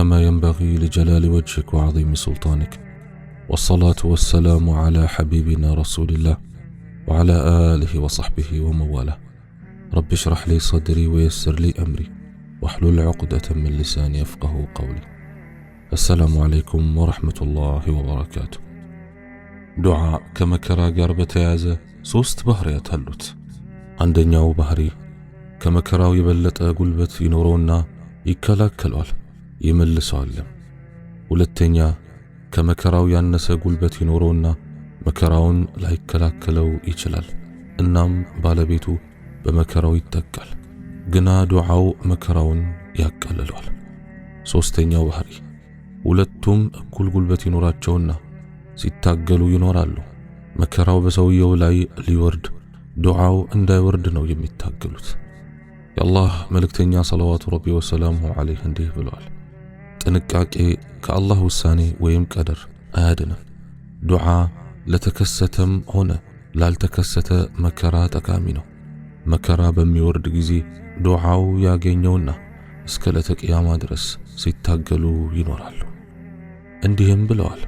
كما ينبغي لجلال وجهك وعظيم سلطانك والصلاة والسلام على حبيبنا رسول الله وعلى آله وصحبه ومواله رب اشرح لي صدري ويسر لي أمري واحلل عقدة من لساني يفقه قولي السلام عليكم ورحمة الله وبركاته دعاء كما كرا قربة عزة سوست بهر يتهلت عندنا وبهري كما كرا يبلت أقول بت ينوروننا ይከላከሏል። ይመልሰዋልም። ሁለተኛ ከመከራው ያነሰ ጉልበት ይኖረውና መከራውን ላይከላከለው ይችላል። እናም ባለቤቱ በመከራው ይጠቃል፣ ግና ዱዓው መከራውን ያቀልለዋል። ሦስተኛው ባህሪ ሁለቱም እኩል ጉልበት ይኖራቸውና ሲታገሉ ይኖራሉ። መከራው በሰውየው ላይ ሊወርድ ዱዓው እንዳይወርድ ነው የሚታገሉት። የአላህ መልእክተኛ ሰለዋቱ ረቢ ወሰላሙ ዐለይህ እንዲህ ብለዋል ጥንቃቄ ከአላህ ውሳኔ ወይም ቀደር አያድንም። ዱዓ ለተከሰተም ሆነ ላልተከሰተ መከራ ጠቃሚ ነው። መከራ በሚወርድ ጊዜ ዱዓው ያገኘውና እስከ ለተቅያማ ድረስ ሲታገሉ ይኖራሉ። እንዲህም ብለዋል፣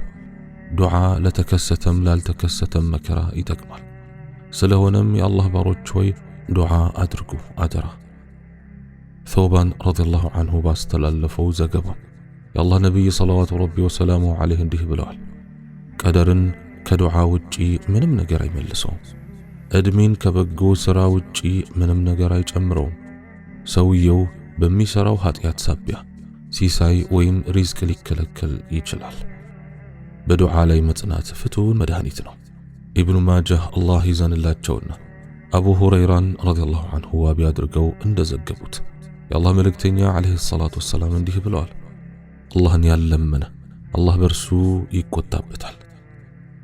ዱዓ ለተከሰተም ላልተከሰተም መከራ ይጠቅማል። ስለሆነም የአላህ ባሮች ሆይ ዱዓ አድርጉ አደራ። ثوبان رضي الله عنه ዘገባ። زقبه የአላህ ነቢይ ሰለዋቱ ረቢ ወሰላሙ ዐለይህ እንዲህ ብለዋል፣ ቀደርን ከዱዓ ውጪ ምንም ነገር አይመልሰውም። ዕድሜን ከበጎ ሥራ ውጪ ምንም ነገር አይጨምረውም። ሰውየው በሚሠራው ኀጢአት ሳቢያ ሲሳይ ወይም ሪዝቅ ሊከለከል ይችላል። በዱዓ ላይ መጽናት ፍቱን መድኃኒት ነው። ኢብኑ ማጃህ አላህ ይዘንላቸውና አቡ ሁረይራን ረዲየላሁ ዐንሁ ዋቢ አድርገው እንደዘገቡት የአላህ መልእክተኛ ዐለይሂ ሰላቱ ወሰላም እንዲህ ብለዋል አላህን ያለመነ! አላህ በእርሱ ይቆጣበታል።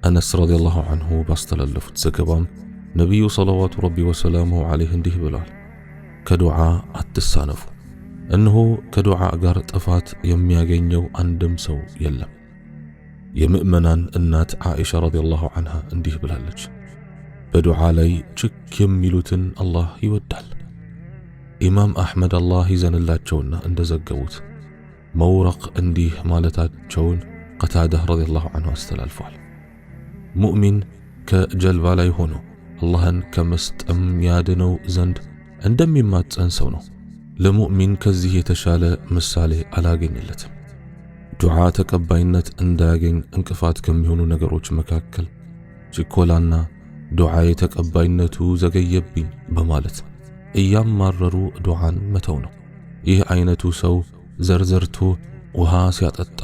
አነስ ረዲየላሁ አንሁ ባስተላለፉት ዘገባም ነቢዩ ሰለዋቱ ረቢ ወሰላሙሁ ዓለይህ እንዲህ ብለዋል፣ ከዱዓ አትሳነፉ፣ እነሆ ከዱዓ ጋር ጥፋት የሚያገኘው አንድም ሰው የለም። የምእመናን እናት ዓኢሻ ረዲየላሁ አንሃ እንዲህ ብላለች፣ በዱዓ ላይ ችክ የሚሉትን አላህ ይወዳል። ኢማም አሕመድ አላህ ይዘንላቸውና እንደዘገቡት መውረቅ እንዲህ ማለታቸውን ቀታዳህ ረዲየላሁ ዐንሁ አስተላልፏል። ሙእሚን ከጀልባ ላይ ሆኖ አላህን ከመስጠም ያድነው ዘንድ እንደሚማጸን ሰው ነው። ለሙእሚን ከዚህ የተሻለ ምሳሌ አላገኘለትም። ዱዓ ተቀባይነት እንዳያገኝ እንቅፋት ከሚሆኑ ነገሮች መካከል ችኮላና ዱዓዬ ተቀባይነቱ ዘገየብኝ በማለት እያማረሩ ዱዓን መተው ነው። ይህ አይነቱ ሰው ዘርዘርቶ ውሃ ሲያጠጣ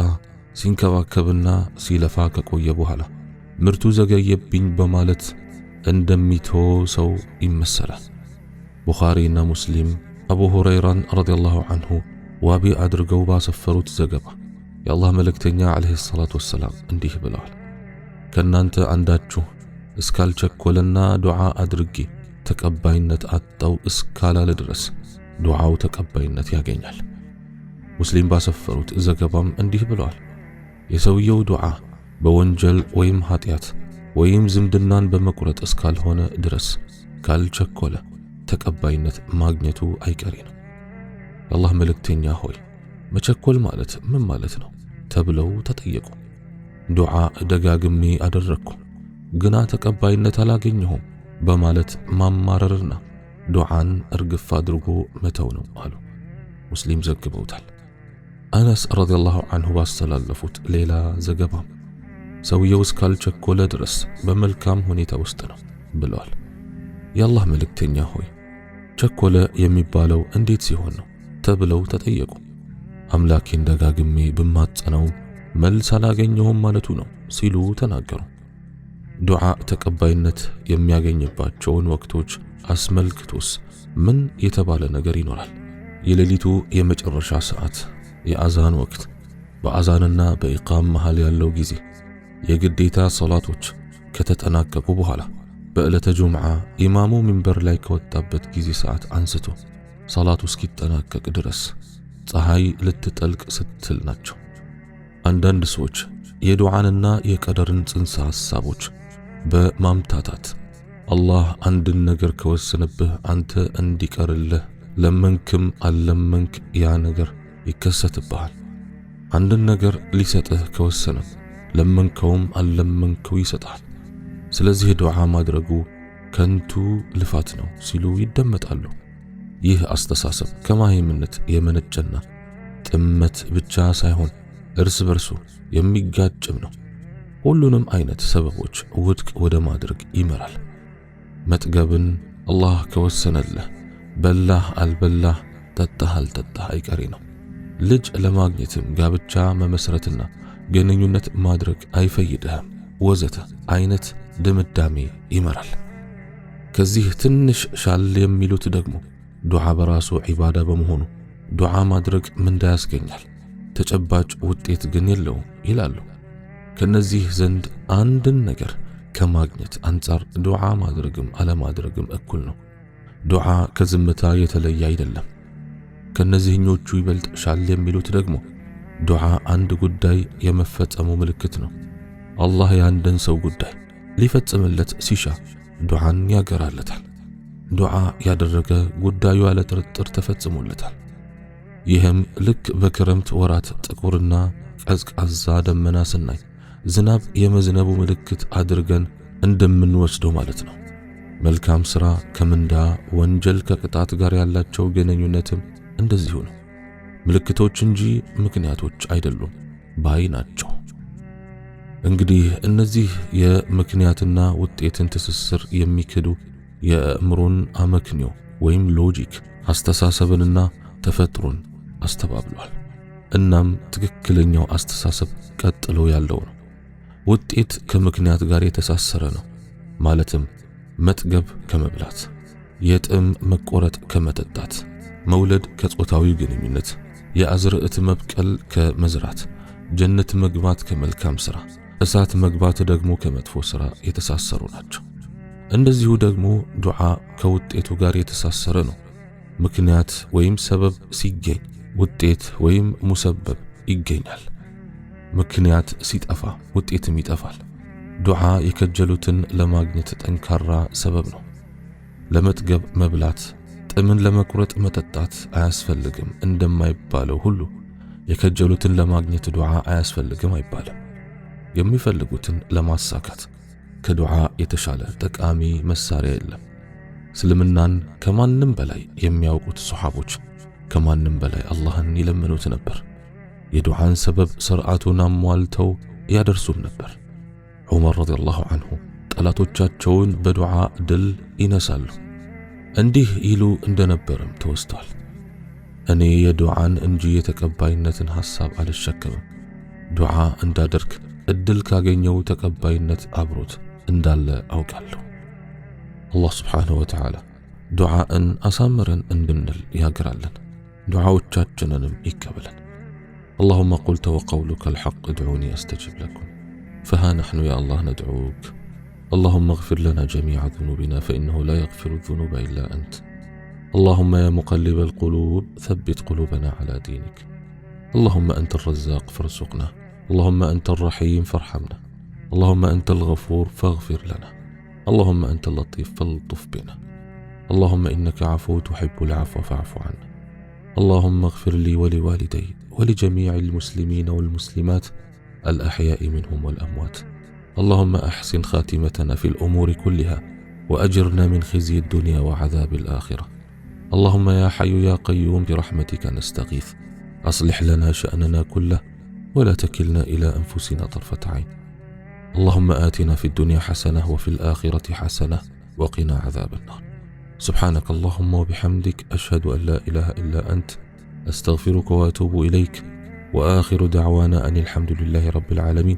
ሲንከባከብና ሲለፋ ከቆየ በኋላ ምርቱ ዘገየብኝ በማለት እንደሚቶ ሰው ይመሰላል። ቡኻሪና ሙስሊም አቡ ሁረይራን ረዲያላሁ አንሁ ዋቢ አድርገው ባሰፈሩት ዘገባ የአላህ መልእክተኛ ዓለይሂ ሰላቱ ወሰላም እንዲህ ብለዋል። ከእናንተ አንዳችሁ እስካልቸኮለና ዱዓ አድርጌ ተቀባይነት አጣው እስካላለ ድረስ ዱዓው ተቀባይነት ያገኛል። ሙስሊም ባሰፈሩት ዘገባም እንዲህ ብለዋል። የሰውየው ዱዓ በወንጀል ወይም ኃጢአት ወይም ዝምድናን በመቁረጥ እስካልሆነ ድረስ ካልቸኮለ ተቀባይነት ማግኘቱ አይቀሬ ነው። የአላህ መልእክተኛ ሆይ መቸኮል ማለት ምን ማለት ነው? ተብለው ተጠየቁ። ዱዓ ደጋግሜ አደረግኩ ግና ተቀባይነት አላገኘሁም በማለት ማማረርና ዱዓን እርግፍ አድርጎ መተው ነው አሉ። ሙስሊም ዘግበውታል። አነስ ረዲየላሁ አንሁ ባስተላለፉት ሌላ ዘገባ ሰውየው እስካልቸኮለ ድረስ በመልካም ሁኔታ ውስጥ ነው ብለዋል። የአላህ መልእክተኛ ሆይ ቸኮለ የሚባለው እንዴት ሲሆን ነው ተብለው ተጠየቁ። አምላኬን ደጋግሜ ብማጸነው መልስ አላገኘሁም ማለቱ ነው ሲሉ ተናገሩ። ዱዓ ተቀባይነት የሚያገኝባቸውን ወቅቶች አስመልክቶስ ምን የተባለ ነገር ይኖራል? የሌሊቱ የመጨረሻ ሰዓት የአዛን ወቅት፣ በአዛንና በኢቃም መሃል ያለው ጊዜ፣ የግዴታ ሰላቶች ከተጠናቀቁ በኋላ በዕለተ ጁምዓ ኢማሙ ሚንበር ላይ ከወጣበት ጊዜ ሰዓት አንስቶ ሰላቱ እስኪጠናቀቅ ድረስ ፀሐይ ልትጠልቅ ስትል ናቸው። አንዳንድ ሰዎች የዱዓንና የቀደርን ጽንሰ ሐሳቦች በማምታታት አላህ አንድን ነገር ከወሰነብህ አንተ እንዲቀርልህ ለመንክም አለመንክ ያ ነገር ይከሰትብሃል። አንድን ነገር ሊሰጥህ ከወሰነ ለመንከውም አልለመንከው ይሰጣል። ስለዚህ ዱዓ ማድረጉ ከንቱ ልፋት ነው ሲሉ ይደመጣሉ። ይህ አስተሳሰብ ከማህይምነት የመነጨና ጥመት ብቻ ሳይሆን እርስ በርሱ የሚጋጭም ነው። ሁሉንም አይነት ሰበቦች ውድቅ ወደ ማድረግ ይመራል። መጥገብን አላህ ከወሰነልህ በላህ አልበላህ፣ ጠጣህ አልጠጣህ አይቀሬ ነው። ልጅ ለማግኘትም ጋብቻ መመስረትና ግንኙነት ማድረግ አይፈይድህም ወዘተ አይነት ድምዳሜ ይመራል። ከዚህ ትንሽ ሻል የሚሉት ደግሞ ዱዓ በራሱ ዒባዳ በመሆኑ ዱዓ ማድረግ ምንዳ ያስገኛል፣ ተጨባጭ ውጤት ግን የለውም ይላሉ። ከነዚህ ዘንድ አንድን ነገር ከማግኘት አንጻር ዱዓ ማድረግም አለማድረግም እኩል ነው። ዱዓ ከዝምታ የተለየ አይደለም። ከእነዚህኞቹ ይበልጥሻል የሚሉት ደግሞ ዱዓ አንድ ጉዳይ የመፈጸሙ ምልክት ነው። አላህ የአንድን ሰው ጉዳይ ሊፈጽምለት ሲሻ ዱዓን ያገራለታል። ዱዓ ያደረገ ጉዳዩ ያለ ጥርጥር ተፈጽሞለታል። ይህም ልክ በክረምት ወራት ጥቁርና ቀዝቃዛ ደመና ስናይ ዝናብ የመዝነቡ ምልክት አድርገን እንደምንወስደው ማለት ነው። መልካም ሥራ ከምንዳ ወንጀል ከቅጣት ጋር ያላቸው ግንኙነትም እንደዚሁ ነው። ምልክቶች እንጂ ምክንያቶች አይደሉም ባይ ናቸው። እንግዲህ እነዚህ የምክንያትና ውጤትን ትስስር የሚክዱ የአእምሮን አመክንዮ ወይም ሎጂክ አስተሳሰብንና ተፈጥሮን አስተባብሏል። እናም ትክክለኛው አስተሳሰብ ቀጥሎ ያለው ነው። ውጤት ከምክንያት ጋር የተሳሰረ ነው። ማለትም መጥገብ ከመብላት፣ የጥም መቆረጥ ከመጠጣት መውለድ ከጾታዊ ግንኙነት፣ የአዝርዕት መብቀል ከመዝራት፣ ጀነት መግባት ከመልካም ሥራ፣ እሳት መግባት ደግሞ ከመጥፎ ሥራ የተሳሰሩ ናቸው። እንደዚሁ ደግሞ ዱዓ ከውጤቱ ጋር የተሳሰረ ነው። ምክንያት ወይም ሰበብ ሲገኝ ውጤት ወይም ሙሰበብ ይገኛል። ምክንያት ሲጠፋ ውጤትም ይጠፋል። ዱዓ የከጀሉትን ለማግኘት ጠንካራ ሰበብ ነው። ለመጥገብ መብላት ጥምን ለመቁረጥ መጠጣት አያስፈልግም እንደማይባለው ሁሉ የከጀሉትን ለማግኘት ዱዓ አያስፈልግም አይባልም። የሚፈልጉትን ለማሳካት ከዱዓ የተሻለ ጠቃሚ መሳሪያ የለም። እስልምናን ከማንም በላይ የሚያውቁት ሰሓቦች ከማንም በላይ አላህን ይለምኑት ነበር። የዱዓን ሰበብ ስርዓቱን አሟልተው ያደርሱም ነበር። ዑመር ረዲየላሁ አንሁ ጠላቶቻቸውን በዱዓ ድል ይነሳሉ። እንዲህ ይሉ እንደነበርም ተወስቷል። እኔ የዱዓን እንጂ የተቀባይነትን ሐሳብ አልሸከምም። ዱዓ እንዳደርግ እድል ካገኘው ተቀባይነት አብሮት እንዳለ አውቃለሁ። አላህ ስብሓንሁ ወተዓላ ዱዓእን አሳምረን እንድንል ያግራለን፣ ዱዓዎቻችንንም ይቀበለን። اللهم قلت وقولك الحق ادعوني أستجب لكم فها نحن يا الله ندعوك اللهم اغفر لنا جميع ذنوبنا فإنه لا يغفر الذنوب إلا أنت اللهم يا مقلب القلوب ثبت قلوبنا على دينك اللهم أنت الرزاق فارزقنا اللهم أنت الرحيم فارحمنا اللهم أنت الغفور فاغفر لنا اللهم أنت اللطيف فالطف بنا اللهم إنك عفو تحب العفو فاعف عنا اللهم اغفر لي ولوالدي ولجميع المسلمين والمسلمات الأحياء منهم والأموات اللهم احسن خاتمتنا في الامور كلها واجرنا من خزي الدنيا وعذاب الاخره اللهم يا حي يا قيوم برحمتك نستغيث اصلح لنا شاننا كله ولا تكلنا الى انفسنا طرفه عين اللهم اتنا في الدنيا حسنه وفي الاخره حسنه وقنا عذاب النار سبحانك اللهم وبحمدك اشهد ان لا اله الا انت استغفرك واتوب اليك واخر دعوانا ان الحمد لله رب العالمين